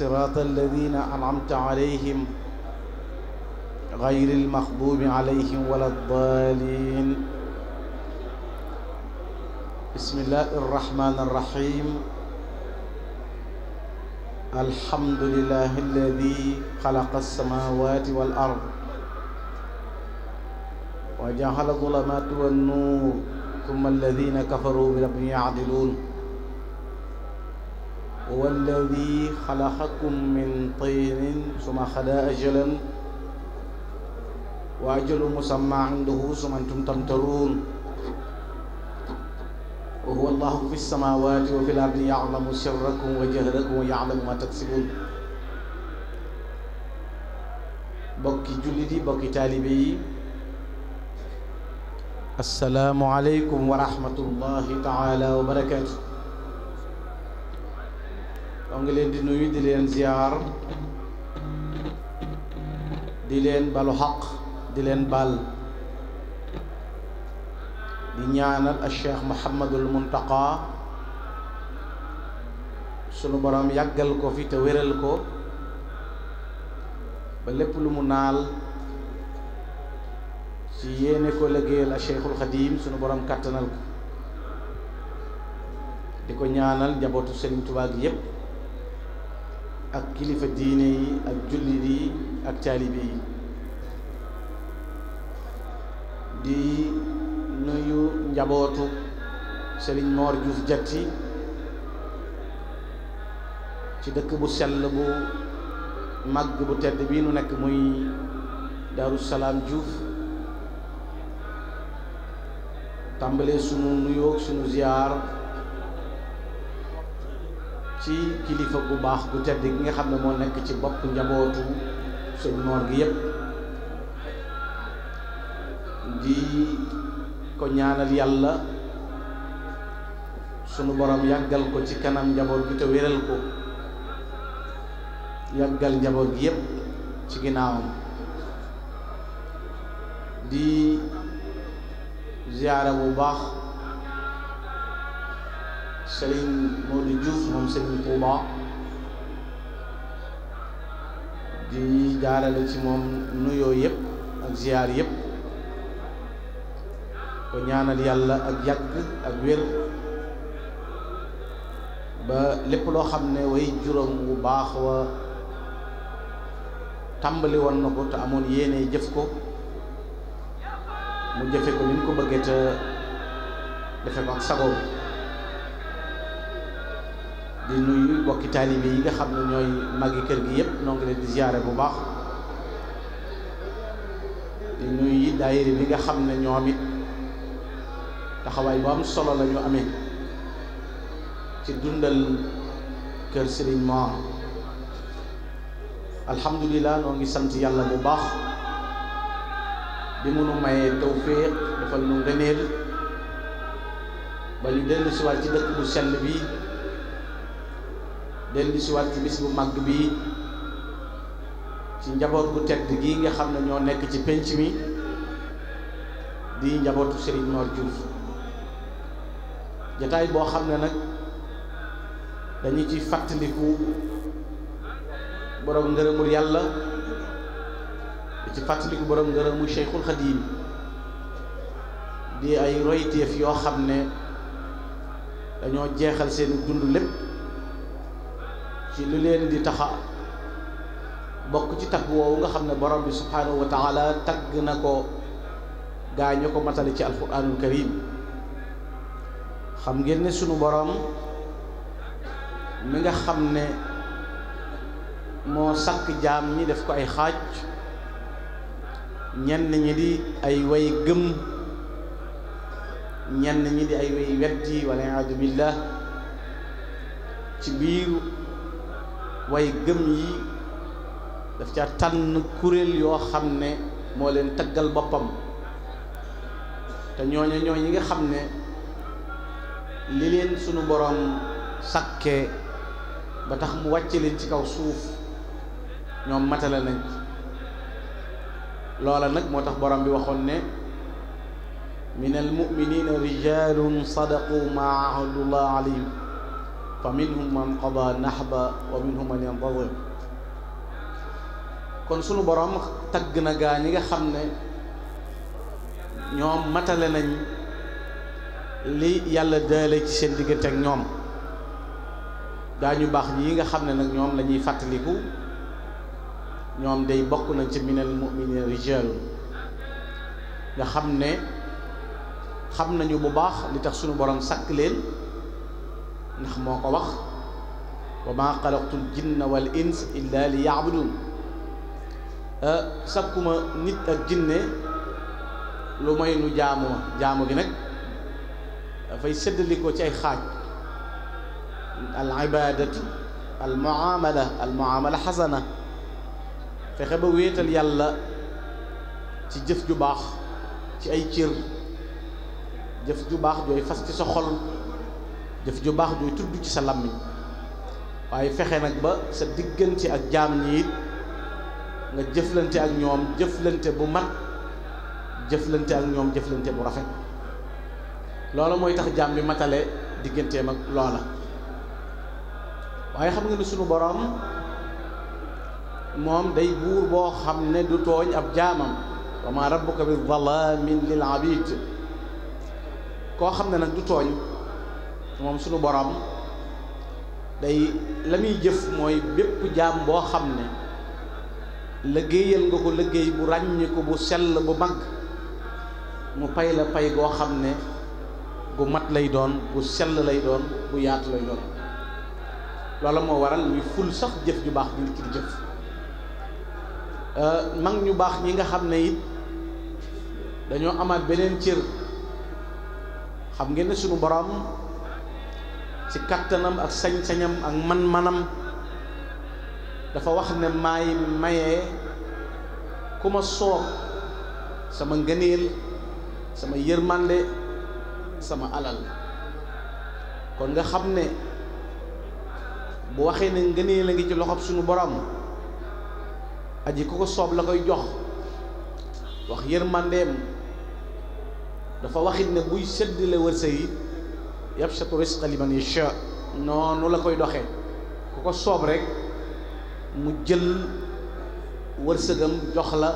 صراط الذين أنعمت عليهم غير المغضوب عليهم ولا الضالين بسم الله الرحمن الرحيم الحمد لله الذي خلق السماوات والأرض وجعل الظلمات والنور ثم الذين كفروا بربهم يعدلون هو الذي خلقكم من طين ثم خلا أجلا وأجل مسمى عنده ثم أنتم تمترون وهو الله في السماوات وفي الأرض يعلم سركم وجهركم ويعلم ما تكسبون bokki jullit yi bokki taalibe yi asalaamualeykum wa rahmatullahi taala wa barakaatu ñoo ngi leen di nuyu di leen ziar di leen balu xaq di leen bal di ñaanal al cheikh Mouhamadul Muntaqa sunu boroom yàggal ko fi te wéral ko ba lépp lu mu naal ci yéene ko liggéeyal al cheikhul xadim sunu borom kàttanal ko di ko ñaanal njabootu Serigne Touba gi yépp ak kilifa diine yi ak jullit yi ak taalibe yi di nuyu njabootu sëriñ Mor Diouf Diatty ci dëkk bu sell bu màgg bu tedd bii nu nekk muy Daaru Salaam Diouf tàmbalee sunu nuyoo sunu ziyaar ci kilifa gu baax gu tedd gi nga xam ne moo nekk ci bopp njabootu sëñ moor gi yépp di ko ñaanal yàlla sunu boroom yàggal ko ci kanam njaboot gi te wéral ko yàggal njaboot gi yépp ci ginnaawam di ziyaara bu baax Serigne Modou Diouf moom Serigne Touba di jaarale ci moom nuyoo yëpp ak ziyaar yëpp ko ñaanal yàlla ak yàgg ak wér ba lépp loo xam ne way juróom bu baax wa tàmbali woon na ko te amoon yéene jëf ko mu jëfe ko ni ñu ko bëggee te defe ko ak sagoom di nuyu bokki taalibe yi nga xam ne ñooy màggi kër gi yëpp noo leen di ziyaare bu baax di nuyu daayira bi nga xam ne ñoo amit taxawaay bu am solo la ñu amee ci dundal kër Serigne Mor noo ngi sant yàlla bu baax bi mu nu mayee tawféex defal nu ngëneel ba ñu dellu siwaat ci dëkk bu sell bi dellu si waat ci bu màgg bii ci njaboot bu tedd gi nga xam ne ñoo nekk ci pénc mi di njabootu Serigne Mor Diouf jataay boo xam ne nag dañu ci fàttaliku borom ngërëmul yàlla di ci fàttaliku borom ngërëmul Cheikhul Khadim di ay royteef yoo xam ne dañoo jeexal seen dund lépp ci lu leen di taxa bokk ci tagg woowu nga xam ne borom bi subhaanahu tagg na ko gaa ko matale ci alquranul karim xam ngeen ne sunu boroom mi nga xam ne moo sàkk jaam ñi def ko ay xaaj ñenn ñi di ay way gëm ñenn ñi di ay way weddi wala iyaadu billah ci biiru way gëm yi daf ca tànn kuréel yoo xam ne moo leen taggal boppam te ñooñu ñoo ñi nga xam ne li leen sunu boroom sakke ba tax mu wàcce leen ci kaw suuf ñoom matale nañ loola nag moo tax boroom bi waxoon ne min al muminina rijalun sadaqu ma ahadullah alayhim fa minhum man qada nahba wa sunu borom tagg na gaa ñi nga xam ne ñoom matale nañ li yàlla daale ci seen diggante ak ñoom daañu baax ñi nga xam ne nag ñoom la ñuy fàttaliku ñoom day bokk nañ ci minal mu'minin rijal nga xam ne xam nañu bu baax li tax sunu borom sakk leen ndax moo ko wax wa maa xalaqtul jinna wal ins illa li yaabudun euh, sakkuma nit ak jinne lu may nu jaamu jaamu gi nag dafay séddali ci ay xaaj al ibaadatu al muamala al muamala xasana fexe ba wéetal yàlla ci jëf ju baax ci ay cër jëf ju baax jooy fas ci sa jëf ju baax juy tudd ci sa làmmiñ waaye fexe nag ba sa diggante ak jaam ñi it nga jëflante ak ñoom jëflante bu mat jëflante ak ñoom jëflante bu rafet loola mooy tax jaam bi matale digganteem ak loola waaye xam nga ni sunu boroom moom day buur boo xam ne du tooñ ab jaamam wa ma rabbuka bi dhalamin lil abid koo xam ne nag du tooñ moom sunu boroom day la jëf mooy bépp jaam boo xam ne liggéeyal nga ko liggéey bu ràññiku bu sell bu mag mu pay la pay boo xam ne gu mat lay doon bu sell lay doon bu yaatu lay doon loola moo waral muy ful sax jëf ju baax ju nit ki jëf euh, mag ñu baax ñi nga xam ne it dañoo amaat beneen cër xam ngeen ne sunu boroom ci kàttanam ak sañ-sañam ak man-manam dafa wax ne maay mayee ku ma soob sama ngëneel sama yërmande sama alal kon nga xam ne bu waxee ne ngëneel a ngi ci loxob suñu borom aji ku ko soob la koy jox wax yërmandeem dafa waxit ne buy séddale wërsëg yi yabsatu risqa liman yasha noonu la koy doxee ku ko soob rek mu jël wërsëgam jox la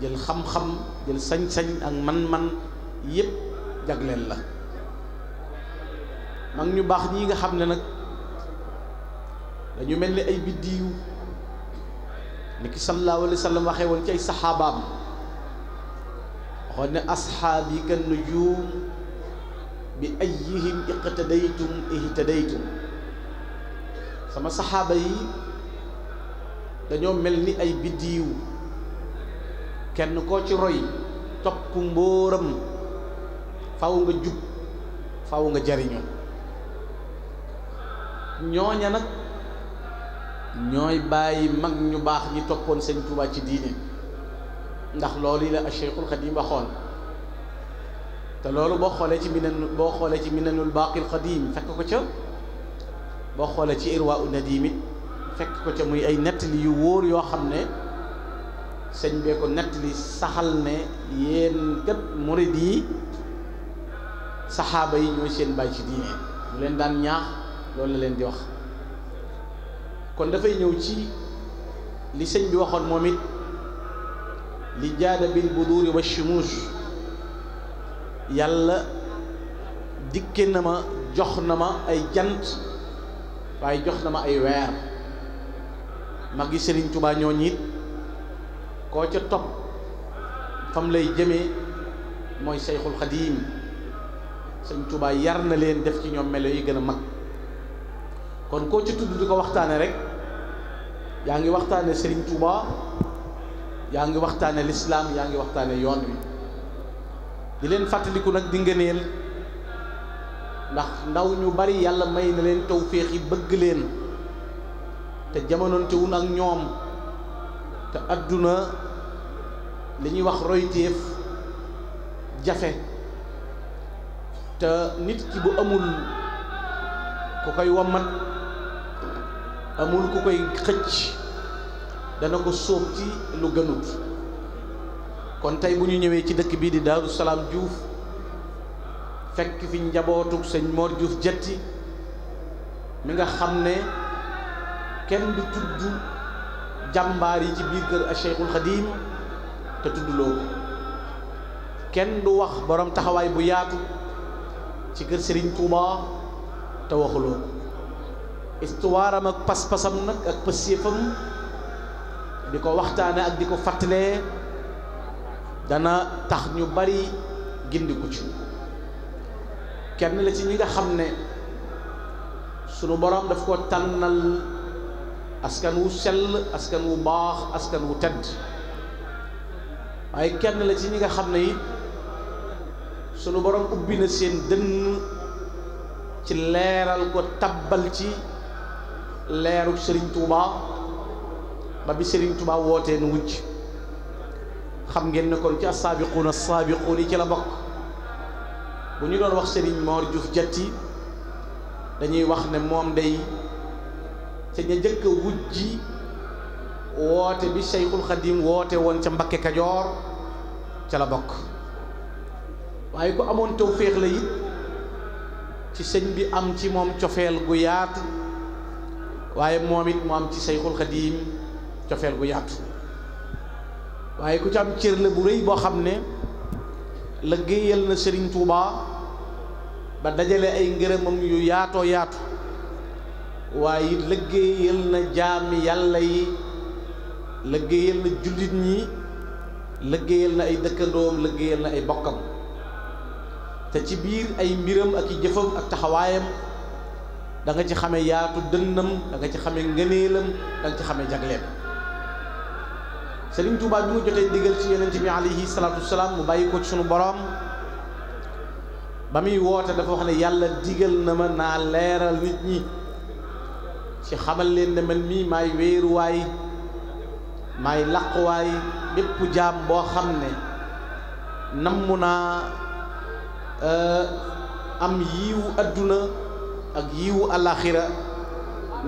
jël xam-xam jël sañ-sañ ak man-man yépp jagleel la mag ñu baax ñii nga xam ne nag dañu mel ni ay biddiw ni ki sallallahu alayhi wa sallam woon ci ay saxaabaam waxoon ne asxaabi kan nujum bi ayyihim day ihtadaytum sama saxaaba yi dañoo mel ni ay biddiiw kenn koo ci roy topp mbóoram faw nga jub faw nga jariñu ñooña nag ñooy bàyyi mag ñu baax ñi toppoon sëñ Tuubaa ci diine ndax loolu yi la Cheikhul Xadim waxoon te loolu boo xoolee ci minan boo xoolee ci minanul baaqil qadim fekk ko ca boo xoolee ci irwa u nadim it fekk ko ca muy ay nettali yu wóor yoo xam ne sëñ bee ko nettali saxal ne yéen kat murid yi saxaaba yi ñooy seen bàyyi ci diine mu leen daan ñaax loolu la leen di wax kon dafay ñëw ci li sëñ bi waxoon moom it li jaada bil buduuri wa shumuus yàlla dikke na ma jox na ma ay jant waaye jox na ma ay weer mag yi Sëriñ Tuubaa ñoo ñiit koo ca topp fam lay jëme mooy Seyxul Xadiim Sëriñ Tuubaa yar na leen def ci ñoo melo yi gën a mag kon koo ci tudd di ko waxtaane rek yaa ngi waxtaane Sëriñ Tuubaa yaa ngi waxtaane lislaam yaa ngi waxtaane yoon wi di leen fàttaliku nag di ndax ndaw ñu bari yàlla may na leen tawféex yi bëgg leen te jamonoontewun ak ñoom te adduna li ñuy wax royteef jafe te nit ki bu amul ku koy wommat amul ku koy xëcc dana ko sóob ci lu gënut kon tey bu ñu ñëwee ci dëkk bii di Daaru Salaam Diouf fekk fi njabootuk sëñ Mor Diouf Diatty mi nga xam ne kenn du tudd jàmbaar yi ci biir kër a Cheikhul Khadim te tudd loolu kenn du wax boroom taxawaay bu yaatu ci kër Serigne Touba te waxuloo histoire am ak pas-pasam nag ak pësséefam di ko waxtaane ak di ko fàttalee dana tax ñu bari gindiku ci kenn la ci ñi nga xam ne sunu boroom daf ko tànnal askan wu sell askan wu baax askan wu tedd waaye kenn la ci ñi nga xam ne it sunu boroom ubbi na seen dënn ci leeral ko tabbal ci leeru Serigne Touba ba bi Serigne Touba wootee nu wujj xam ngeen ne kon ci assaabiquun assaabiquun yi ca la bokk bu ñu doon wax sëriñ Mor Diouf Diatty dañuy wax ne moom day ca ña jëkk a ji woote bi Cheikhul Khadim woote woon ca Mbakke Kajoor ca la bokk waaye ku amoon tawféex la it ci sëñ bi am ci moom cofeel gu yaat waaye moom it mu am ci Cheikhul Khadim cofeel gu yaatu waaye ku ci am cër la bu rëy boo xam ne liggéeyal na sëriñ Touba ba dajale ay ngërëmam yu yaatoo yaatu waaye it na jaami yàlla yi liggéeyal na jullit ñi liggéeyal na ay dëkkandoom liggéeyal na ay bokkam te ci biir ay mbiram ak i jëfam ak taxawaayam danga ci xame yaatu dënnam da nga ci xame ngëneelam da ci xame jagleem Sëriñ Tuubaa bi mu jotee ndigal ci yonent bi alayhi salaatu wasalaam mu bàyyi ko sunu boroom ba muy woote dafa wax ne yàlla digal na ma naa leeral nit ñi ci xamal leen ne man mii maay wéeruwaay maay làquwaay bépp jaam boo xam ne namm naa euh, am yiwu àdduna ak yiwu alaxira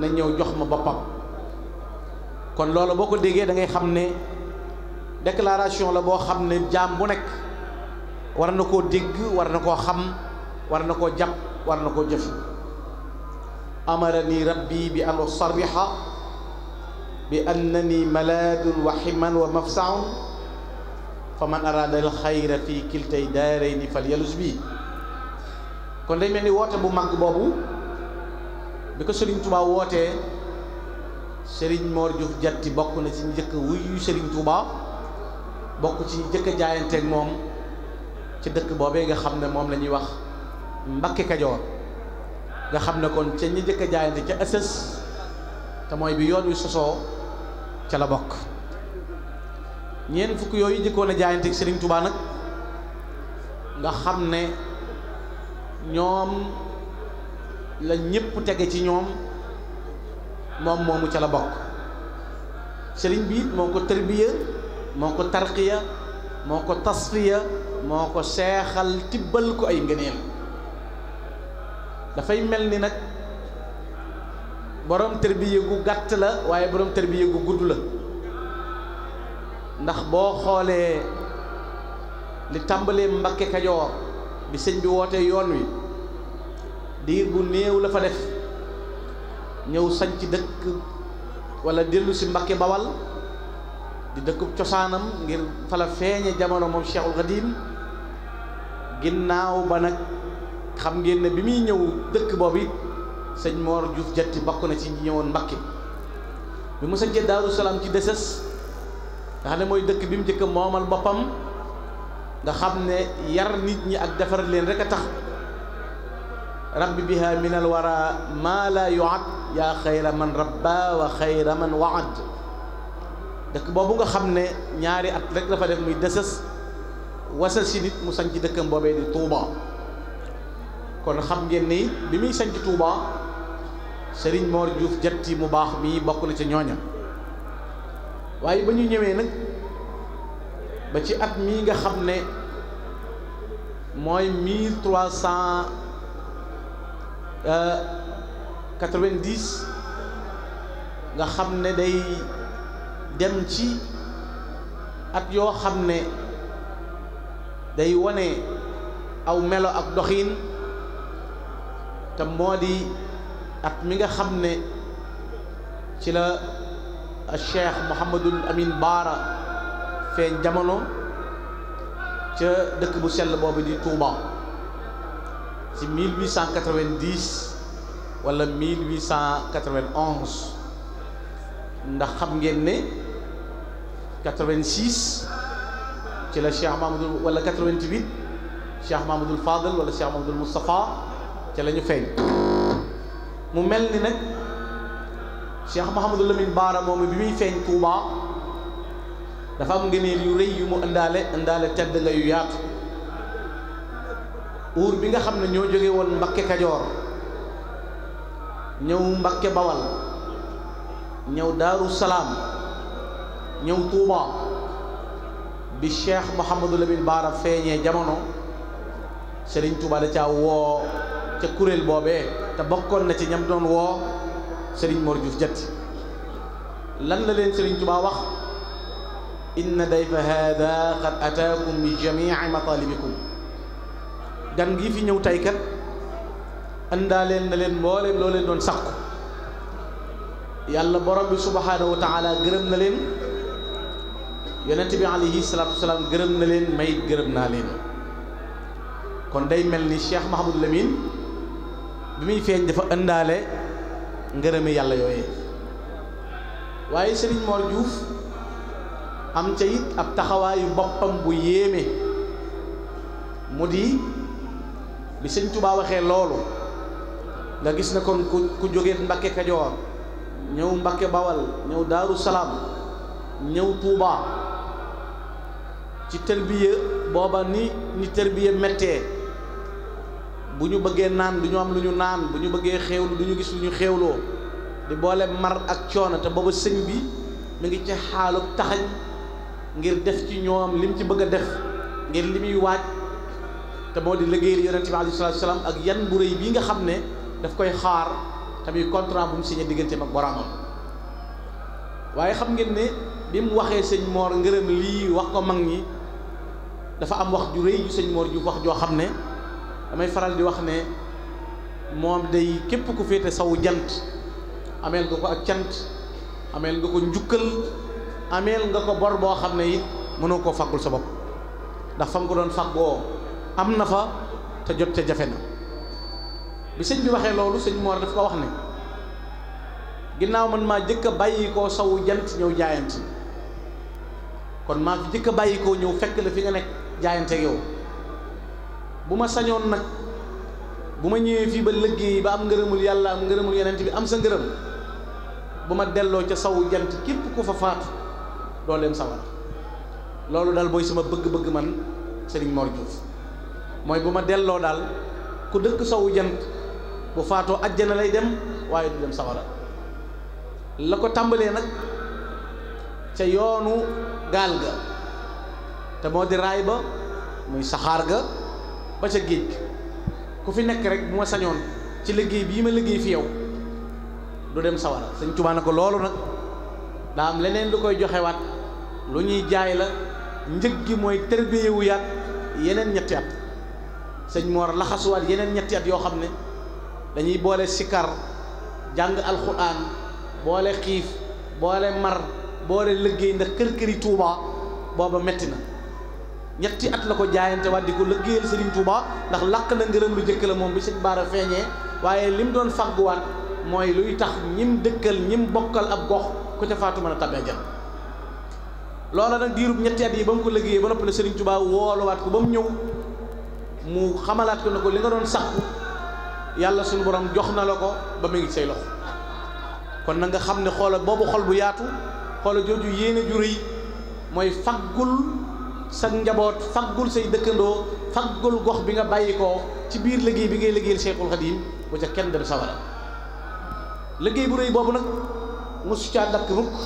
na ñëw jox ma boppam kon loolu boo ko déggee da xam ne déclaration la boo xam ne jaam bu nekk war na koo dégg war na koo xam war na koo jàpp war na koo jëf amarani rabbi bi an usarriha bi annani malaadun wa himan wa mafsaun fa man araada al xayra fi kiltay daarayni fal yalus bi kon day mel ni woote bu mag boobu bi ko Serigne Touba wootee Serigne Mor Diouf bokk na ci njëkk wuyu Serigne Touba bokk ci jëkk a jaayanteeg moom ci dëkk boobee nga xam ne moom la ñuy wax Mbakke Kajoor nga xam ne kon ca ñi jëkk a jaayante ca ësës te mooy bi yoon wi sosoo ca la bokk ñeent fukk yooyu jëkkoon a jaayanteeg Serigne Touba nag nga xam ne ñoom la ñëpp tege ci ñoom moom moomu ca la bokk Serigne bi moo ko tërbiya moo ko tarqiya moo ko tasfiya moo ko seexal tibbal ko ay ngëneel dafay mel ni nag borom tërbiye gu gàtt la waaye borom tërbiye gu gudd la ndax boo xoolee li tàmbalee Mbakke Kajoor bi sëñ bi wootee yoon wi diir bu néew la fa def ñëw sañc dëkk wala dellu si Mbakke Bawal di dëkkub cosaanam ngir fala feeñe jamono moom Cheikhul Khadim ginnaaw ba nag xam ngeen ne bi muy ñëw dëkk boobu sëñ Mor Diouf Diatty bokk na ci ñëwoon mbakki bi mu sañcee Daaru ci deses nga xam ne mooy dëkk bi mu njëkk moomal boppam nga xam ne yar nit ñi ak defar leen rek a tax rabbi biha min al wara ma la yuad yaa xayra man rabba wa xayra man waad dëkk boobu nga xam ne ñaari at rek dafa def muy deses wasal si nit mu sanc dëkkam boobee di Touba kon xam ngeen ni bi muy sanc Touba sëriñ Mor juuf jatti mu baax mii bokk na ca ñooña waaye ba ñu ñëwee nag ba ci at mii nga xam ne mooy mille trois euh, nga xam ne day dem ci at yoo xam ne day wane aw melo ak doxin te moo di at mi nga xam ne ci la cheikh Mouhamadul Amin Baara feeñ jamono ca dëkk bu sell boobu di Touba ci 1890 wala 1891 ndax xam ngeen ne. 86 ci la Cheikh Mamadou wala 88 Cheikh Mamadou Fadel wala Cheikh Mamadou Moustapha ci lañu ñu feeñ mu mel ni nag Cheikh Mahamadou Lamine Baara moom bi muy feeñ Touba dafa am ngëneel yu rëy yu mu indaale indaale tedd nga yu yaatu uur bi nga xam ne ñoo jóge woon Mbakke Kajoor ñëw Mbakke Bawal ñëw Daaru ñëw Touba bi Cheikh Mouhamadou Lamine Baara feeñee jamono Serigne Touba da caa woo ca kuréel boobe te bokkoon na ci ñam doon woo Serigne Mor Diouf lan la leen Serigne Touba wax inna dayfa haada qad ataakum bi jamii matalibikum gan gi fi ñëw tey kat andaaleel na leen mbooleem loo leen doon sakku yàlla borom bi subhaanahu wa taala gërëm na leen yonent bi alayhi salaatu salaam gërëm na leen may gërëm naa leen kon day mel ni Cheikh Mahamadou Lamine bi muy feeñ dafa ëndaale ngërëmi yàlla yooyee waaye sëriñ Mor Diouf am ca it ab taxawaayu boppam bu yéeme mu di bi sëñ Tuubaa loolu nga gis ne kon ku ku jógee Mbakke Kajoor ñëw Mbakke Bawal ñëw Daaru Salaam ñëw Tuubaa ci tërbiya booba ni ni tërbiya méttee bu ñu bëggee naan du ñu am lu ñu naan bu ñu bëggee xéewlu du ñu gis lu ñu xéewloo di boole mar ak coono te booba sëñ bi mu ngi ci xaalu taxañ ngir def ci ñoom lim ci bëgg a def ngir li muy waaj te moo di liggéeyal yonente bi alayhi ak yan bu rëy bii nga xam ne daf koy xaar tamit contrat bu mu signé digganteem ak boromam waaye xam ngeen ne bi mu waxee sëñ Mor ngërëm lii wax ko mag ñi dafa am wax ju rëy ju sëñ Mor Diouf wax joo xam ne damay faral di wax ne moom day képp ku féete sawu jant ameel nga ko ak cant ameel nga ko njukkal ameel nga ko bor boo xam ne it mënoo koo faggul sa bopp ndax fa ko doon boo am na fa te jot ca jafe na bi sëñ bi waxee loolu sëñ Mor daf ko wax ne ginnaaw man maa jëkk a bàyyi koo sawu jant ñëw jaayant kon maa fi jëkk a bàyyi koo ñëw fekk la fi nga nekk jaayanteeg yow bu ma sañoon nag bu ma ñëwee fii ba liggéey ba am ngërëmul yàlla am ngërëmul yonent bi am sa ngërëm bu ma delloo ca sawu jant képp ku fa faatu doo leen sawar loolu daal booy sama bëgg-bëgg man Serigne Mor Diouf mooy bu ma delloo daal ku dëkk sawu jant bu faatoo ajjana lay dem waaye du dem sawara la ko tàmbalee nag ca yoonu gaal ga te moo di raay ba muy saxaar ga ba ca géej ku fi nekk rek moo sañoon ci liggéey bii ma liggéey fi yow du dem sawara sëñ Tuubaa na ko loolu nag daa leneen lu koy joxewaat lu ñuy jaay la njëg gi mooy tërbiyewu yaat yeneen ñetti at sëñ Moor laxasuwaat yeneen ñetti at yoo xam ne dañuy boole sikar jàng alxuraan boole xiif boole mar boole liggéey ndax kër këri Tuubaa booba metti na ñetti at la ko jaayante waat di ko lëggéeyal Serigne Touba ndax làq na ngërëm lu njëkk la moom bi sëñ Baara feeñee waaye li mu doon fagguwaat mooy luy tax ñim dëkkal ñim bokkal ab gox ku ca faatu mën a tabee jëm loola nag diirub ñetti at yi ba mu ko lëggéeyee ba noppi la Serigne woolo waat ko ba mu ñëw mu xamalaat ko ne ko li nga doon sàkku yàlla suñu borom jox na la ko ba mu ngi say loxo kon na nga xam ne xoola boobu xol bu yaatu xoola jooju yéene ju sa njaboot faggul say dëkkandoo faggul gox bi nga bàyyi ko ci biir liggéey bi ngay liggéeyal Cheikhul Khadim bu ca kenn dem sawara liggéey bu rëy boobu nag mosu caa dakk mukk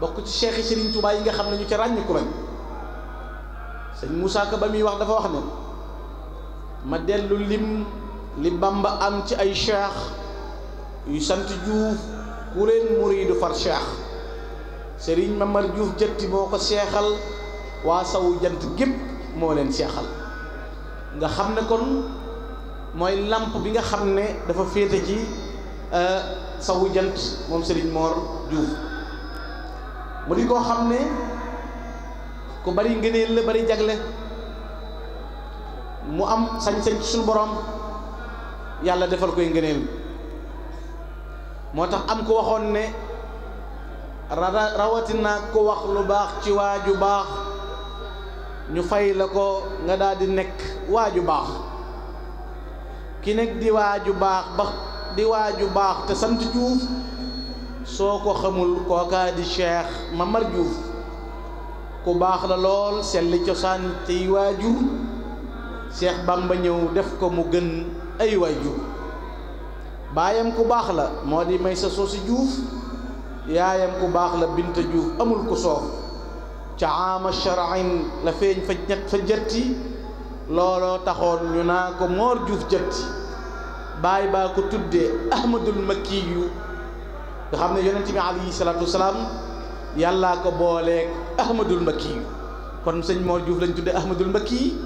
bokk ci cheikh Serigne Touba yi nga xam ne ñu ca ràññ ku lañ sëñ Moussa Ka ba muy wax dafa wax ne ma dellu lim li Bamba am ci ay cheikh yu sant Diouf ku leen muridu far cheikh Serigne Mamar Diouf jëtti moo ko seexal waa sawu jant gépp moo leen seexal nga xam ne kon mooy làmp bi nga xam ne dafa féete ci euh, sawu jant moom Serigne Mor Diouf mu di koo xam ne ko bari ngëneel la bari jagle mu am sañ-sañ ci suñu borom yàlla defal koy ngëneel moo tax am ko waxoon ne rawatina ko wax lu baax ci waa waaju baax ñu fay la ko nga daal nekk waa ju baax ki nekk di waa ju baax ba di waa ju baax te sant Juuf soo ko xamul kookaa di Cheikh Mamar Juuf ku baax la lool seen selli cosaan tey waajur Cheikh Bamba ñëw def ko mu gën ay waajur baayam ku baax la moo di may Maysa Soosi Juuf yaayam ku baax la bint Juuf amul ku soof ca ama sharain la feeñ fa ñett fa jëtti looloo taxoon ñu naa ko moor juuf jëtti baay baa ko tuddee ahmadul makki yu nga xam ne yonent bi alayhi salaatu wasalaam yàllaa ko booleeg ahmadul makki yu kon sëñ moor juuf lañ tuddee ahmadul makki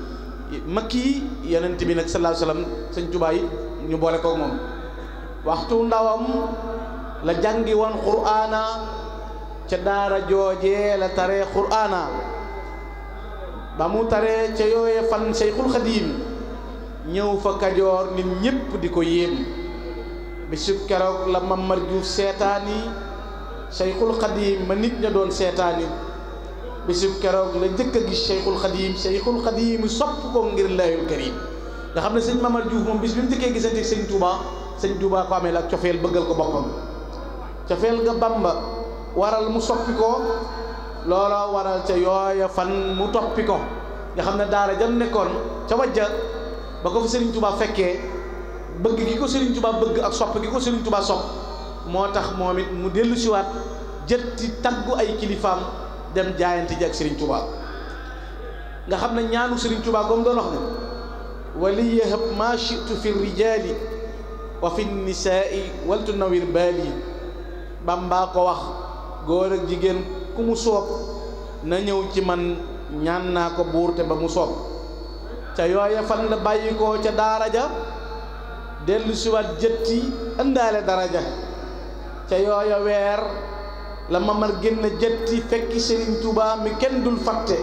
makki yonent bi nag sallallahu alayhi wasallam sëñ Tuubaa yi ñu boole ko moom waxtu ndawam la jàngi quraana ca daara joojee la taree qur'aana ba mu tare ca yooye fan Seyxul Xadiim ñëw fa kajoor nit ñépp di ko yéem bisub keroog la Mamar Juuf seetaani Seyxul Xadiim ma nit ña doon seetaani bisub keroog la njëkk a gis Seyxul Xadiim Seyxul Xadiim sopp ko ngir layul karim nga xam ne sëñ Mamar Juuf moom bis bi mu njëkkee gisante sëñ Touba sëñ Touba ko amee la cofeel bëggal ko boppam cofeel nga Bamba waral mu soppikoo ko looloo waral ca yooya fan mu toppikoo ko nga xam ne daara jam nekkoon ca wajja ba ko fa Serigne Touba fekkee bëgg gi ko Serigne Touba bëgg ak sopp gi ko Serigne tubaa sopp moo tax moom it mu dellu siwaat jëtti taggu ay kilifaam dem jaayanti ji ak Serigne Touba nga xam ne ñaanu Serigne Touba goom doon wax ne wali yahab ma shitu fi rijaali wa fi nisaai waltu nawir baali Bamba ko wax góor ak jigéen ku mu soob na ñëw ci man ñaan naa ko buur te ba mu soob ca yooya fan la bàyyi ko ca daara ja dellu siwaat jëtti ëndaale ja ca yooya weer la mamar génn jëtti fekki Serigne Touba mi kenn dul fatte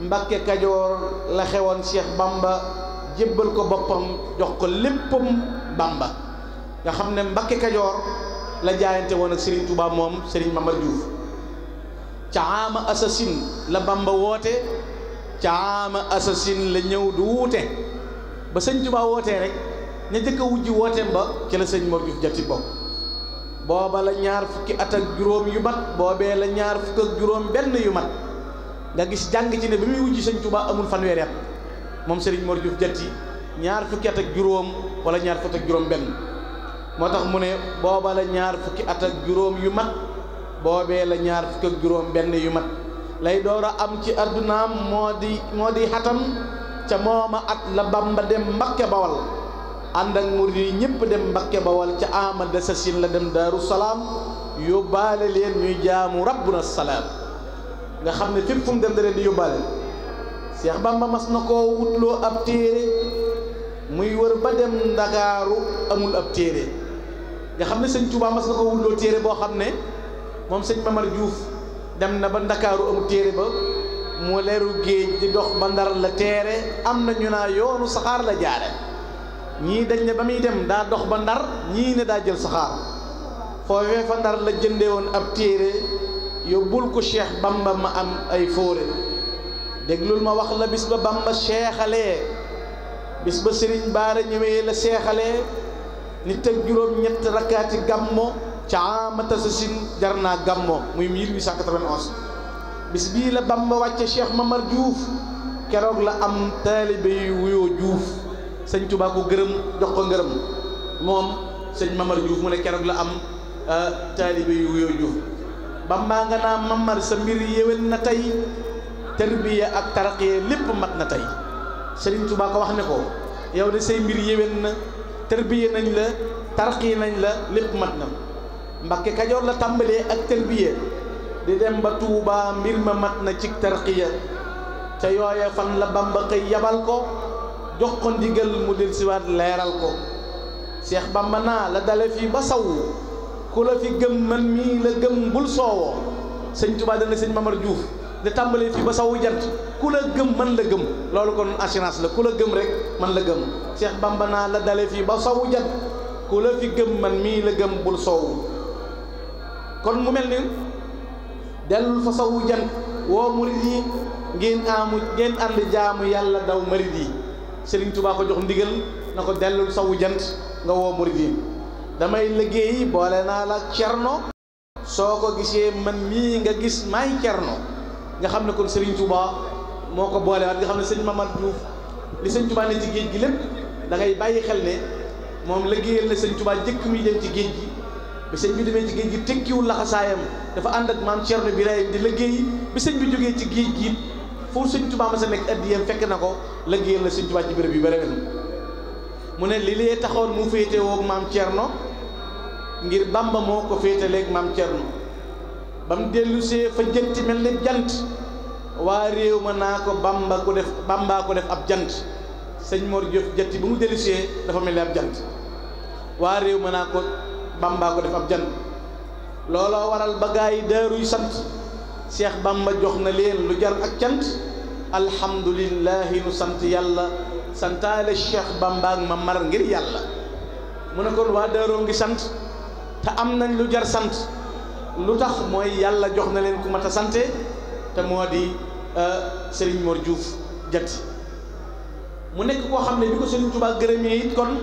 Mbàkke Kajoor la xewoon Cheikh Bamba jébbal ko boppam jox ko léppam Bamba nga xam ne Mbàkke Kajoor la jaayante woon ak Serigne moom Serigne Mamar Diouf ca ama assasine la Bamba woote ca ama la ñëw du wuute ba sëñ Touba wootee rek ña jëkk a ba ci la sëñ Mor Diouf jati bokk booba la ñaar fukki at juróom yu mat boobee la ñaar fukk juróom benn yu mat nga gis jàng ci ne bi muy wujj sëñ Touba amul fanweeri moom Serigne Mor Diouf jati ñaar fukki at juróom wala ñaar fukki juróom benn moo tax mu ne booba la ñaar fukki at ak juróom yu mat boobee la ñaar fukki ak juróom benn yu mat lay door a am ci addunaam moo di moo di xatam ca mooma at la Bamba dem Mbakke Bawal ànd ak murid yi ñëpp dem Mbakke Bawal ca ama de la dem Daaru Salaam yóbbaale leen ñuy jaamu rabbuna salaam nga xam ne fépp fu dem da leen di yóbbaale Seex Bamba mas na koo wutloo ab téere muy wër ba dem Ndakaaru amul ab téere nga xam ne sëñ Touba mas na ko wulloo téere boo xam ne moom sëñ Mamar Diouf dem na ba ndakaaru am téere ba mu leeru géej di dox ba ndar la teere am na ñu naa yoonu saxaar la jaare ñii dañ ne ba muy dem daa dox ba ndar ñii ne daa jël saxaar foofee fa ndar la jënde woon ab téere yóbbul ko Cheikh Bamba ma am ay fóore déglul ma wax la bis ba Bamba seexalee bis ba sëriñ Baara ñëwee la seexalee nit ak juróom ñett rakkaati gàmmo ca amata sa sin jar naa gàmmo muy 1891 bis bii la Bamba wàcce Cheikh Mamar Diouf keroog la am taalibe yu wuyoo Diouf sëñ Tuubaa gërëm jox ko ngërëm moom sëñ Mamar Diouf mu ne keroog la am euh, taalibe yu wuyoo Diouf Bamba nga naa Mamar sa mbir yéwén na tey tarbiya ak taraqiya lépp mat na tey sëriñ Tuubaa wax ne ko yow de say mbir yéwén na tërbiye nañu la tarqi nañ la lépp mat na Mbàkke Kajoor la tàmbalee ak tërbiye di dem ba Tuubaa mbir ma mat na ci tarqiya ca yooya fan la Bamba xëy yabal ko jox mu del siwaat leeral ko Seex Bamba naa la dale fii ba saw ku la fi gëm man mii la gëm bul soowoo sëñ Tuubaa dana sëñ Mamar Diouf di tàmbalee fii ba sawu jant ku la gëm man la gëm loolu kon assurance la ku la gëm rek man la gëm Cheikh Bamba la dale fii ba sowu jat ku la fi gëm man mii la gëm bul sowu kon mu mel ni dellul fa sowu jant woo murid yi ngeen ànd jaamu yàlla daw marid yi Serigne Touba ko jox ndigal na ko dellul sowu jant nga woo murid yi damay liggéey boole naa la cerno soo ko gisee man mii nga gis maay cerno nga xam ne kon Serigne Touba moo ko boolewaat nga xam ne sëñ Mamad Diouf li sëñ Touba ci géej gi lépp dangay bàyyi xel ne moom liggéeyal na sëñ Touba jëkk muy dem ci géej gi bi sëñ bi demee ci géej gi tekkiwul laxasaayam dafa ànd ak maam Thierno Birahim di liggéey bi sëñ bi jógee ci géej gi foofu sëñ Touba ma sa nekk addiyam fekk na ko liggéeyal na sëñ Touba ci béréb yu bëri mu ne li lee taxoon mu féete woog maam Thierno ngir Bamba moo ko féetaleeg maam Thierno ba mu dellusee fa jënti mel ne jant waa réew ma naa ko bamba ko def bambaa ko def ab jant sëñ Mor Diop jatti bu mu dellusee dafa mel ni ab jant waa réew ma naa ko bambaa ko def ab jant looloo waral ba gaa yi daaruy sant Cheikh Bamba jox na leen lu jar ak cant alhamdulillahi nu sant yàlla santaale Cheikh Bamba ak ma mar ngir yàlla mu ne kon waa daaroo ngi sant te am nañ lu jar sant lu tax mooy yàlla jox na leen ku mat a sante te moo di euh, Serigne Mor Diouf jati mu nekk koo xam ne ñu ko Serigne Touba gërëmee it kon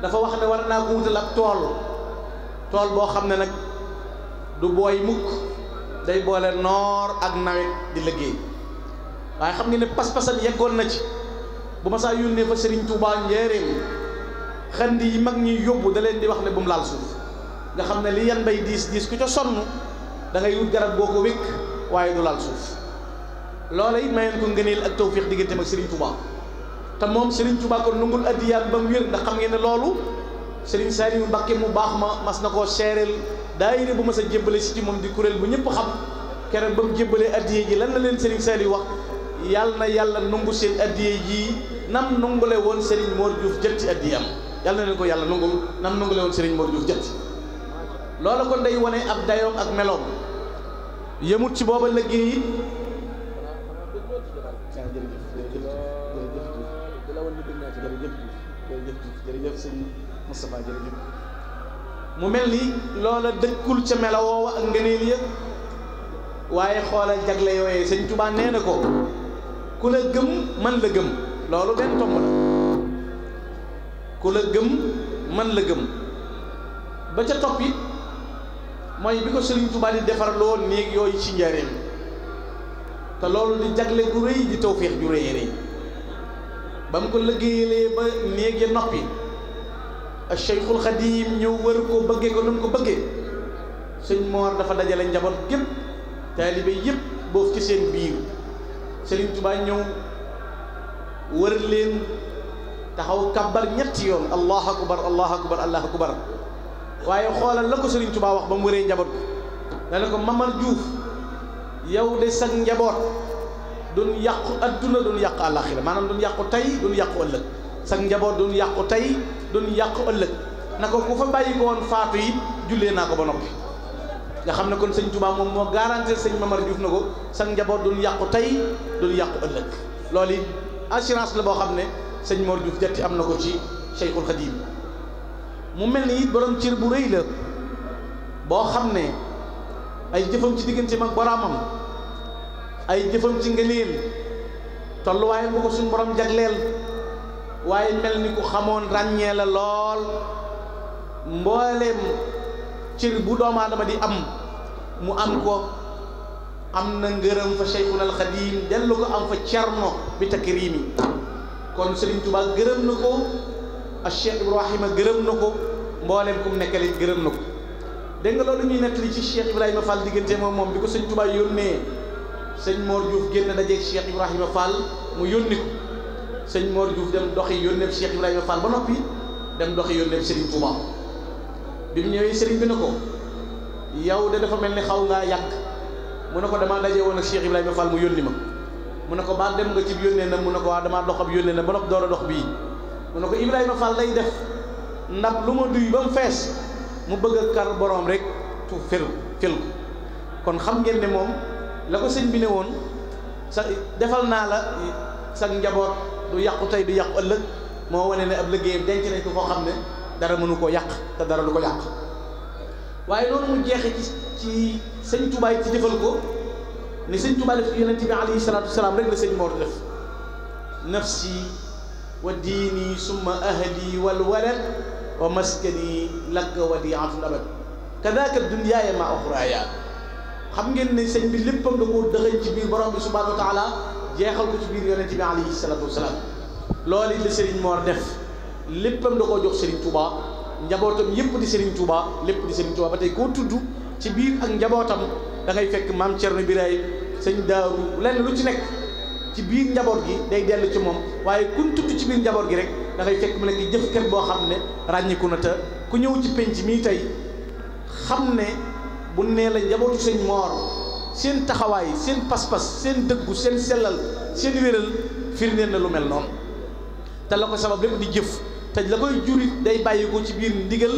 dafa wax ne war naa ko wutal ak tool tool boo xam ne nag du booy mukk day boole noor ak nawet di liggéey waaye xam nga ne pas-pasam yeggoon na ci bu ma saa yónnee fa Serigne Touba njéeréem xandi yi mag ñi yóbbu da leen di wax ne bu mu laal suuf nga xam ne li yan bay diis diis ku ca sonn da wut garab boo ko wékk waaye du laal suuf loola it mayeen ko ngëneel ak tawfiix digganteem ak Serigne Touba te moom Serigne Touba ko nungul addiyaam ba mu wér ndax xam ngeen ne loolu Serigne Saliou Mbacké mu baax ma mas na koo seereel daayira bu mas a jébbale si ci moom di kuréel bu ñëpp xam keroog ba mu jébbalee addiya ji lan la leen Serigne Saliou wax yàlla na yàlla nungu seen addiya ji nam nungule woon Serigne Mor Diouf jël ci addiyaam yàlla na leen ko yàlla nungul nam nungule woon Serigne Mor Diouf jël ci loola kon day wane ab dayoom ak meloom. yëmut ci booba liggéey yi mu mel ni loola dëkkul ca mela woowa ak ngëneel ya waaye xoolal jagle yooyee sëñ Tuubaa nee na ko ku la gëm man la gëm loolu benn tomb la ku la gëm man la gëm ba ca topp mooy bi ko Serigne Touba di defarloo néeg yooyu ci njariñ te loolu di jagle gu rëy di tawféex ju rëy rëy ba mu ko liggéeyalee ba néeg ya noppi ak Cheikhul Khadim ñëw wër koo bëggee ko nu ko bëggee sëñ Moor dafa dajale njaboot gépp taalibe yëpp boof ci seen biir Serigne Touba ñëw wër leen taxaw kàbbar ñetti yoon allahu akbar allahu akbar allahu akbar waaye xoolal la ko Sëriñ Tuubaa wax ba mu wëree njaboot bi ne ko Mamar Juuf yow de sag njaboot duñ yàqu adduna duñ yàqu àllaaxira maanaam duñ yàqu tey duñ yàqu ëllëg sag njaboot duñ yàqu tey duñ yàqu ëllëg na ko ku fa yi jullee naa ko ba noppi nga xam ne kon sëñ Tuubaa moom moo garantir sëñ Mamar Juuf na ko sag njaboot duñ yàqu tey duñ yàqu ëllëg loolu it assurance la boo xam ne sëñ Mor Juuf jatti am na ko ci Cheikhul Khadim mu mel ni it borom cër bu rëy la boo xam ne ay jëfam ci digganteem ak boromam ay jëfam ci ngëneel tolluwaayam bu ko suñu jagleel waaye mel ni ku xamoon ràññee la lool mbooleem cër bu doomu di am mu am ko am na ngërëm fa Cheikhuna al Xadim dellu ko am fa cerno bi takrimi kon Serigne Touba gërëm na ko. ak Cheikh Ibrahima gërëm na ko mboolem ku mu nekkale gërëm na ko dégg nga loolu ñuy nettali ci Cheikh Ibrahima Fall diggante moom moom bi ko sëñ Touba yónnee sëñ Mor Diouf génn dajeeg Cheikh Ibrahima Fall mu yónni ko sëñ moor Diouf dem doxi yónneeb Cheikh Ibrahima Fall ba noppi dem doxi yónneeb Serigne Touba bi mu ñëwee Serigne bi ne ko yow de dafa mel ni xaw ngaa yàq mu ne ko damaa daje woon ak Cheikh Ibrahima Fall mu yónni ma mu ne ko baal dem nga ci yónnee ne ko waa damaa dox ab yónnee na ba noppi door a mu ne ko Ibrahima Fall lay def ndab lu ma duy ba fees mu bëgg a kar boroom rek tu fil fil kon xam ngeen ne moom la ko sëñ bi ne woon sa defal naa la sa njaboot du yàqu tey du yàqu ëllëg moo wone ne ab liggéeyam denc nañ ko foo xam ne dara mënu koo yàq te dara du ko yàq waaye loolu mu jeexe ci ci sëñ Touba ci jëfal ko ni sëñ Touba def yonent bi alayhi salaatu wasalaam rek la sëñ Mor def nafsi wa diini summa ahli wal walad wa maskani lakk wadiatun abad kadaaka dunyaaya ma oxraaya xam ngeen ne sëñ bi léppam da koo dëxëñ ci biir borom bi subhanahu wa taala jeexal ko ci biir yonent bi alayhi salatu wasalaam loolu it la Serigne Mor def léppam da koo jox Serigne Touba njabootam yépp di Serigne Touba lépp di Serigne Touba ba tey koo tuddu ci biir ak njabootam da ngay fekk maam Thierno Birahim sëñ Daaru lenn lu ci nekk. ci biir njaboot gi day dellu ci moom waaye kun ci biir njaboot gi rek da ngay fekk mu nekk jëfkat boo xam ne ràññiku na te ku ñëw ci penc mii tey xam ne bu nee la njabootu sëñ moor seen taxawaay seen pas seen dëggu seen sellal seen wéral firndeel na lu mel noonu te la ko sabab lépp di jëf te la koy jurit day bàyyi ko ci biir ndigal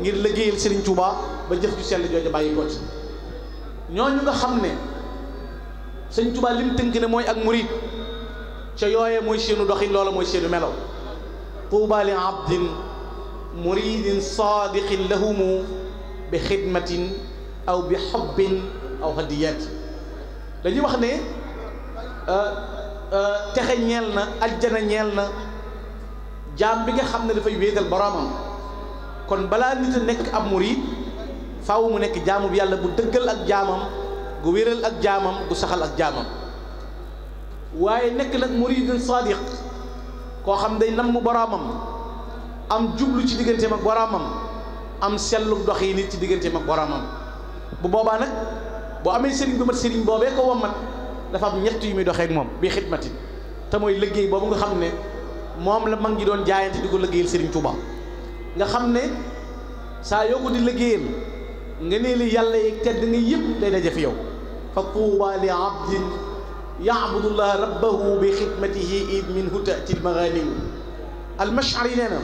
ngir liggéeyal Serigne Touba ba jëf ju sell jooju bàyyi ko ci ñooñu nga xam ne sëñ Tuubaa lim tënk ne mooy ak murid ca yooye mooy seenu doxin loola mooy seenu melow tuuba li abdin muridin saadiqin lahumu bi xidmatin aw bi xobbin aw hadiyaati dañuy wax ne euh, euh, texe ñeel na ajjana ñeel na jaam bi nga xam ne dafay wéetal boroomam kon balaa nit a nekk ab murid faaw nekk jaamu bi yàlla bu dëggal ak jaamam gu wéral ak jaamam gu saxal ak jaamam waaye nekk nag muridin sadiq koo xam day namm boroomam am jublu ci digganteem ak boroomam am sellum dox yi nit ci digganteem ak boroomam bu boobaa nag boo amee sëriñ bu mat sëriñ boobee ko wommat dafa am ñett yu muy doxee moom bi xidmatin te mooy liggéey boobu nga xam ne moom la mag ngi doon jaayante di ko liggéeyal sëriñ Tuuba nga xam ne saa yoo ko di liggéeyal ngëneeli yàlla yi tedd nga yëpp day daje fi yow fa tuuba li abdin yaabudullaha rabbahu bi xidmatihi id minhu taati lmaganimu almashar yi nee na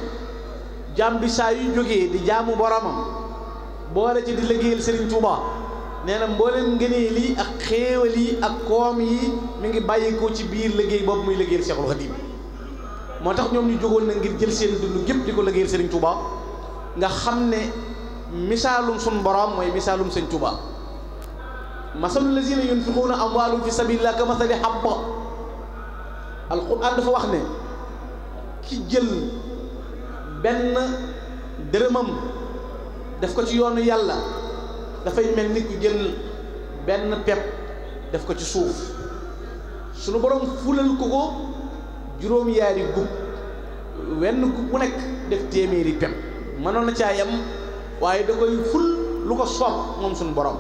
jaam bi saa yu jógee di jaamu boromam boole ci di liggéeyal Sëriñ Tuuba nee na mbooleem ngëneel yi ak xéewal ak koom yi mu ngi bàyyi ko ci biir liggéey boobu muy liggéeyal Seexul Xadiim moo tax ñoom ñu jógoon na ngir jël seen dund gépp di ko liggéeyal Sëriñ Tuuba nga xam ne misaalum sunu borom mooy misaalum sëñ Tuba masalu lazina yunfiquuna amwaalum fi sabilillah ka masali habba alquran dafa wax ne ki jël benn dërëmam def ko ci yoonu yàlla dafay mel ni ku jël benn pepp def ko ci suuf sunu borom fulal ko ko juróom yaari gub wenn gub bu nekk def téeméeri pepp mënoon na caa yam waaye da koy ful lu ko soob moom suñu borom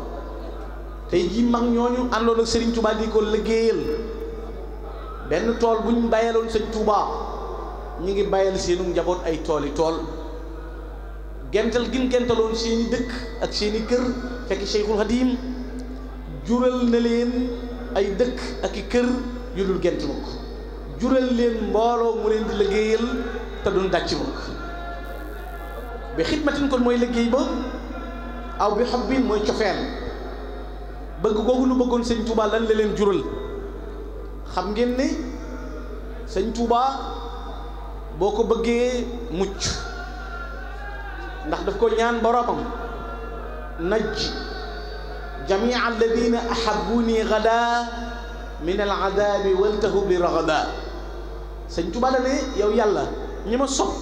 te jii mag ñooñu àndoon ak Serigne Touba di ko liggéeyal benn tool bu ñu bàyyaloon sëñ Touba ñu ngi bàyyal seenu njaboot ay tool yi tool gental gin gentaloon seeni dëkk ak seeni kër fekk Cheikhul Khadim jural na leen ay dëkk ak i kër yu dul gent jural leen mbooloo mu leen di liggéeyal te duñ dàcc mukk bi xidmatin kon mooy liggéey ba aw bi xob mooy cofeel bëgg googu nu bëggoon sëñ Touba lan leen jural xam ngeen ne sëñ Touba boo ko bëggee mucc ndax daf ko ñaan boromam najj jamia alladina ahabuni gada min al adabi waltahu bi ragada sëñ Touba da ne yow yàlla ñi ma sopp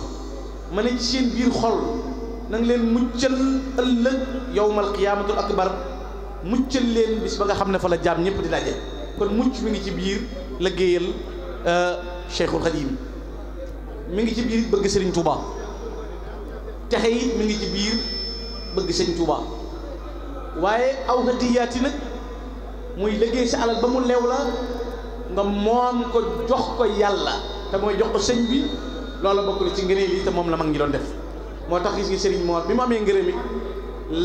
ma ne ci seen xol na nga leen muccal ëllëg yowmal qiyaamatul akbar muccal leen bis ba nga xam ne fa la jaam ñépp di daje kon mucc mi ngi ci biir liggéeyal euh, Cheikhul Khadim mi ngi ci biir bëgg Serigne Touba texe yi mi ngi ci biir bëgg Serigne Touba waaye aw hadiyaati nag muy liggéey sa alal ba mu leew la nga moom ko jox ko yàlla te mooy jox ko sëñ bi loola bokk na ci ngëneel yi te moom la mag ngi doon def. moo tax gis nga Serigne Mor bi mu amee ngërëm it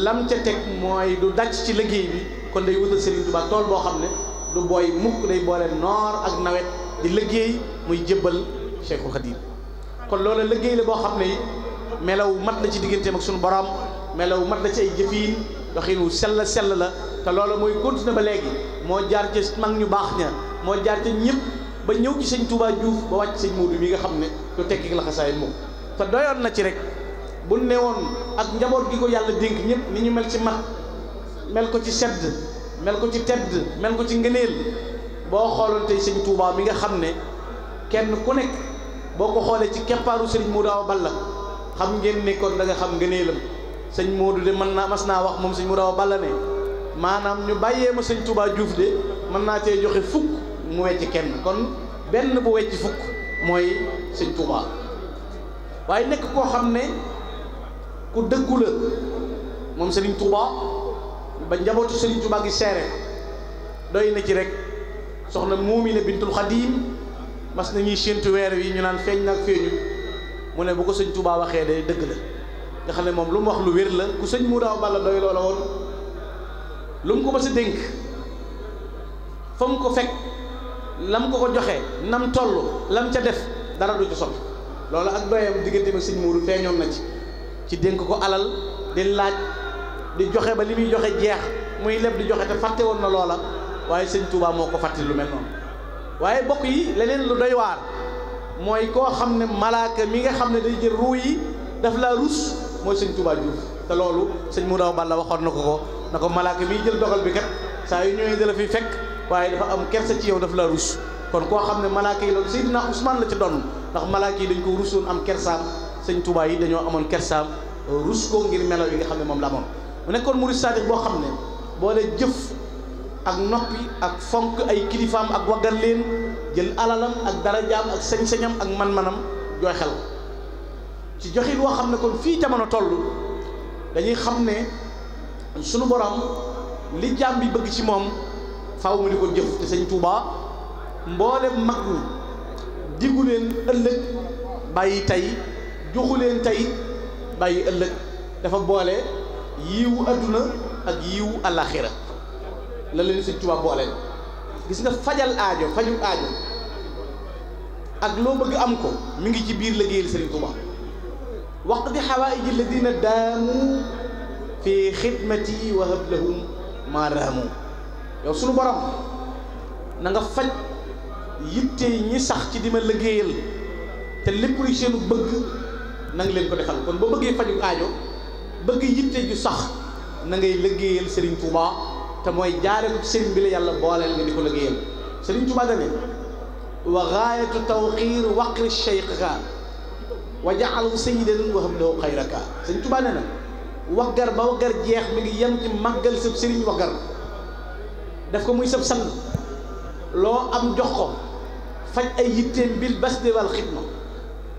lam ca teg mooy du daj ci liggéey bi kon day wutal Serigne Touba tool boo xam ne du booy mukk day boole noor ak nawet di liggéey muy jëbbal Cheikhul Khadim kon loola liggéey la boo xam ne it melaw mat la ci digganteem ak sunu borom melaw mat la ci ay yi doxin wu sell sell la te loola mooy continuer ba léegi moo jaar ca mag ñu baax ña moo jaar ca ñëpp ba ñëw ci sëñ Touba Diouf ba wàcc sëñ Moodu mi nga xam ne lu tekki la xasaay moom te doyoon na ci rek. bu newoon ak njaboot gi ko yàlla dénk ñëpp ni ñu mel ci mat mel ko ci sedd mel ko ci tedd mel ko ci ngëneel boo xooloon tey sëñ Touba mi nga xam ne kenn ku nekk boo ko xoolee ci keppaaru sëñ Modou Awa Balla xam ngeen ne kon da nga xam ngëneelam sañ Modou de mën naa mas naa wax moom sëñ Modou Awa Balla ne maanaam ñu bàyyee ma sëñ Touba Diouf de mën naa cee joxe fukk mu wecc kenn kon benn bu wecc fukk mooy sëñ Touba waaye nekk koo xam ne. ku dëggu la moom Serigne Touba ba njabootu Serigne Touba gi seere doy na ci rek soxna ne Bintul Xadiim mas ñuy séentu weer wi ñu naan feeñ nag feeñu mu ne bu ko sëñ Touba waxee day dëgg la nga xam ne moom lu mu wax lu wér la ku sëñ mu daaw balla doy loola woon lu mu ko ba sa dénk fa mu ko fekk lam ko ko joxee nam la mu ca def dara du ci sol loolu ak doyam diggante ma sëñ Muuru feeñoon na ci ci dénk ko alal di laaj di joxe ba li muy joxe jeex muy leb di joxe te fàtte woon na loola waaye sëñ Touba moo ko fàtte lu mel noonu waaye bokk yi leneen lu doy waar mooy koo xam ne malaaka mi nga xam ne day jël ruu yi daf laa rus mooy sëñ Touba Diouf te loolu sëñ Mouraw Balla waxoon na ko ko na ko malaaka miy jël dogal bi kat saa yu ñëwee dala fi fekk waaye dafa am kersa ci yow daf laa rus kon koo xam ne malaaka yi loolu Seydina Ousmane la ci doon ndax malaaka yi dañ ko rusoon am kersaam sëñ Touba yi dañoo amoon kersaam rus ko ngir melo yi nga xam ne moom la amoon mu nekkoon murid sadiq boo xam ne boole jëf ak noppi ak fonk ay kilifaam ak waggar leen jël alalam ak darajaam ak sañ señam ak man-manam jooy xel ci joxit woo xam ne kon fii jamono toll dañuy xam ne sunu borom li jaam bi bëgg ci moom faw mu di ko jëf te sëñ Touba mboolem mag diggu leen ëllëg bàyyi tey joxu leen tey bàyyi ëllëg dafa boole yiwu àdduna ak yiwu alaxira la leen Sëñ Tuubaa boole gis nga fajal aajo faju aajo ak loo bëgg am ko mi ngi ci biir liggéeyal Sëriñ Tuubaa waqdi xawaaiji alladina daamu fi xidmati wa hablahum ma raamu yow sunu borom na faj yitte ñi sax ci di ma liggéeyal te lépp luy seenu bëgg na nga leen ko defal kon boo bëggee faju aajo bëgg yitte ju sax na ngay liggéeyal sëriñ Touba te mooy jaare ko sëriñ bi la yàlla booleel nga di ko liggéeyal sëriñ Touba dane wa gaayatu tawxiir waqri cheyqaka wa jaalahu sayyidan wa hablahu xayraka sëriñ Touba ne na waggar ba waggar jeex mi ngi yem ci màggal sab sëriñ waggar daf ko muy sab sang loo am jox ko faj ay yitteem bil bas de wal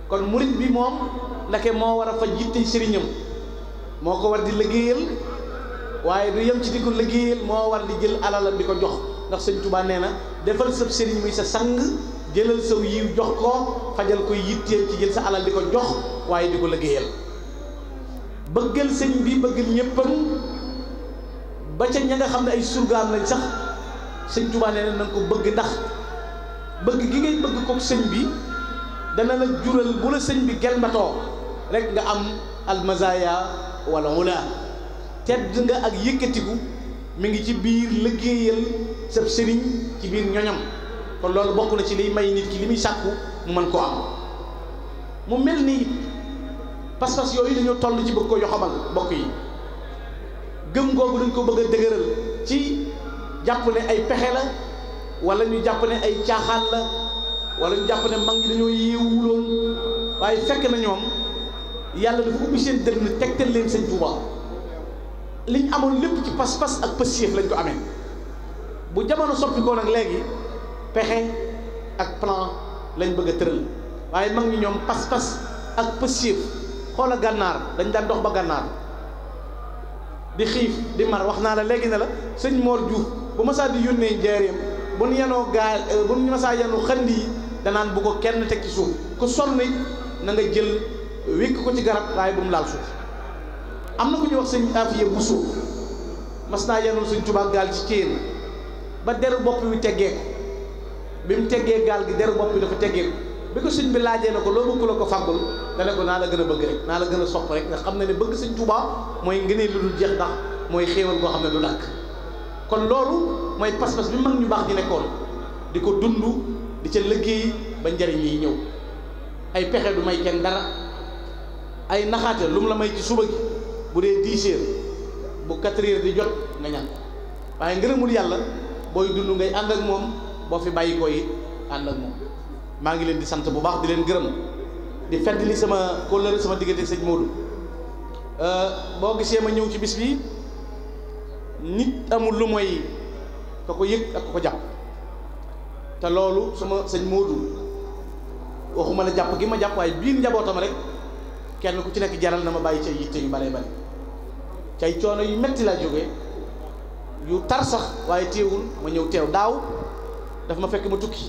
kon murit bi moom ndake moo war a faj yittey sëriñam moo ko war di liggéeyal waaye du yem ci di ko liggéeyal moo war di jël alalal di ko jox ndax sëñ Tuubaa nee na defal sab sëriñ muy sa sang jëlal saw yiw jox ko fajal koy yitteem ci jël sa alal di ko jox waaye di ko liggéeyal bëggal sëñ bi bëggal ñéppam ba ca ña nga xam ne ay surgaam lañ sax sëñ Tuubaa nee na na ko bëgg ndax bëgg gi ngay bëgg kook sëñ bi dana la jural bu la sëñ bi gelmatoo rek nga am almazaya wala wula tedd nga ak yékkatiku mu ngi ci biir liggéeyal sab sëriñ ci biir ñoñam kon loolu bokk na ci liy may nit ki li muy sàkku mu mën koo am mu mel ni pas-pas yooyu dañoo toll ci bëgg ko yoxamal bokk yi gëm googu dañ ko bëgg a dëgëral ci jàpp ne ay pexe la wala ñu jàpp ne ay caaxaan la wala ñu jàpp ne mag ñi dañoo yéewuloon waaye fekk na ñoom yàlla dafa ubbi seen dënn tegtal leen sëñ Touba liñ amoon lépp ci pas-pas ak pësief lañ ko amee bu jamono soppi ko nag léegi pexe ak plan lañ bëgg a tëral waaye mag ñi ñoom pas-pas ak pësief xoola gànnaar dañ daan dox ba gànnaar di xiif di mar wax naa la léegi ne la sëñ Mor Diouf bu masaa di yónnee jaareem bu nu yenoo gaal bu nu masaa yenu xandi yi danaan bu ko kenn teg ci suuf ku sonn na nga jël wékk ko ci garab waaye bu mu laal suuf am na ku ñuy wax sëñ bu buso mas naa yenoon sëñ Tuubaa gaal ci céen ba deru bopp bi teggee ko bi mu teggee gaal gi deru bopp bi dafa teggee ko bi ko sëñ bi laajee na ko loo bëgg la ko fàggul dana ko naa la gën a bëgg rek naa la gën a sopp rek nga xam ne ne bëgg sëñ Tuubaa mooy ngëneel lu lu jeex ndax mooy xéewal koo xam ne du dàkk kon loolu mooy pas-pas bi mag ñu baax di nekkoon di ko dund di ca liggéey ba njariñ yi ñëw ay pexe du may kenn dara ay naxaate lu mu la may ci suba gi bu dee dix heures bu quatre di jot nga ñaan waaye ngërëmul yàlla booy dund ngay ànd ak moom boo fi bàyyi ko it ànd ak moom maa ngi leen di sant bu baax di leen gërëm di fàttali sama kóllëre sama diggante sëñ Modou euh, boo gisee ma ñëw ci bis bi nit amul lu mooy ka ko yëg ak ka te loolu sama sëñ Modou waxuma la jàpp gi ma jàpp waaye biir njabootam rek kenn ku ci nekk jaral na ma bàyyi ci ay yitte yu bare bare ci ay coono yu metti laa jóge yu tar sax waaye téewul ma ñëw teew daaw daf ma fekk ma tukki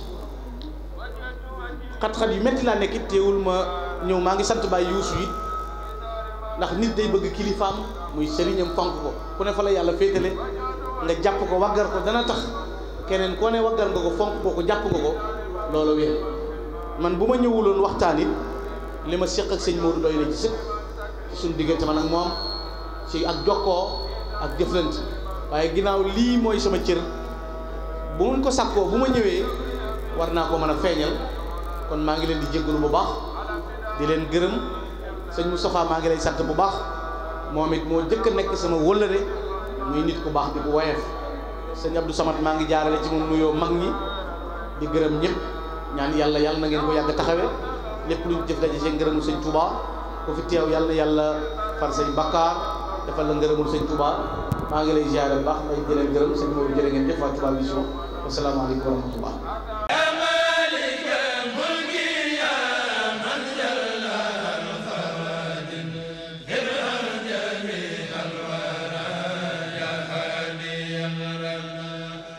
xat-xat yu metti laa nekkit téewul ma ñëw maa ngi sant baay yuusu it ndax nit day bëgg kilifaam muy sëriñam fonk ko ku ne fa la yàlla féetale nga jàpp ko waggar ko dana tax keneen koo ne waggar nga ko fonk ko jàpp nga ko loolu wér man bu ma ñëwuloon waxtaan it li ma séq ak sëñ Modou doy na ci sëkk ci suñ diggante man ak moom ci ak jokkoo ak jëflant waaye ginnaaw lii mooy sama cër bu mun ko sakkoo bu ma ñëwee war naa ko mën a feeñal kon maa ngi leen di jéggalu bu baax di leen gërëm sëñ Moustapha maa ngi lay sant bu baax moom it moo jëkk nekk sama wëllëre muy nit ku baax di ku woyef sëñ Abdou Samad maa ngi jaarale ci moom nuyoo mag ñi di gërëm ñëpp ñaan yàlla yàlla na ngeen ko yàgg taxawe lépp luñ jëf daje ci ngërëmul sëñ Touba ku fi teew yàlla na yàlla far say bakkaar defal la ngërëmul sëñ Touba maa ngi lay ziare bu baax ay jëlee ngërëm sëñ Maodo jërë ngeen jëf waa Touba Vision wasalaamaaleykum wa rahmatullah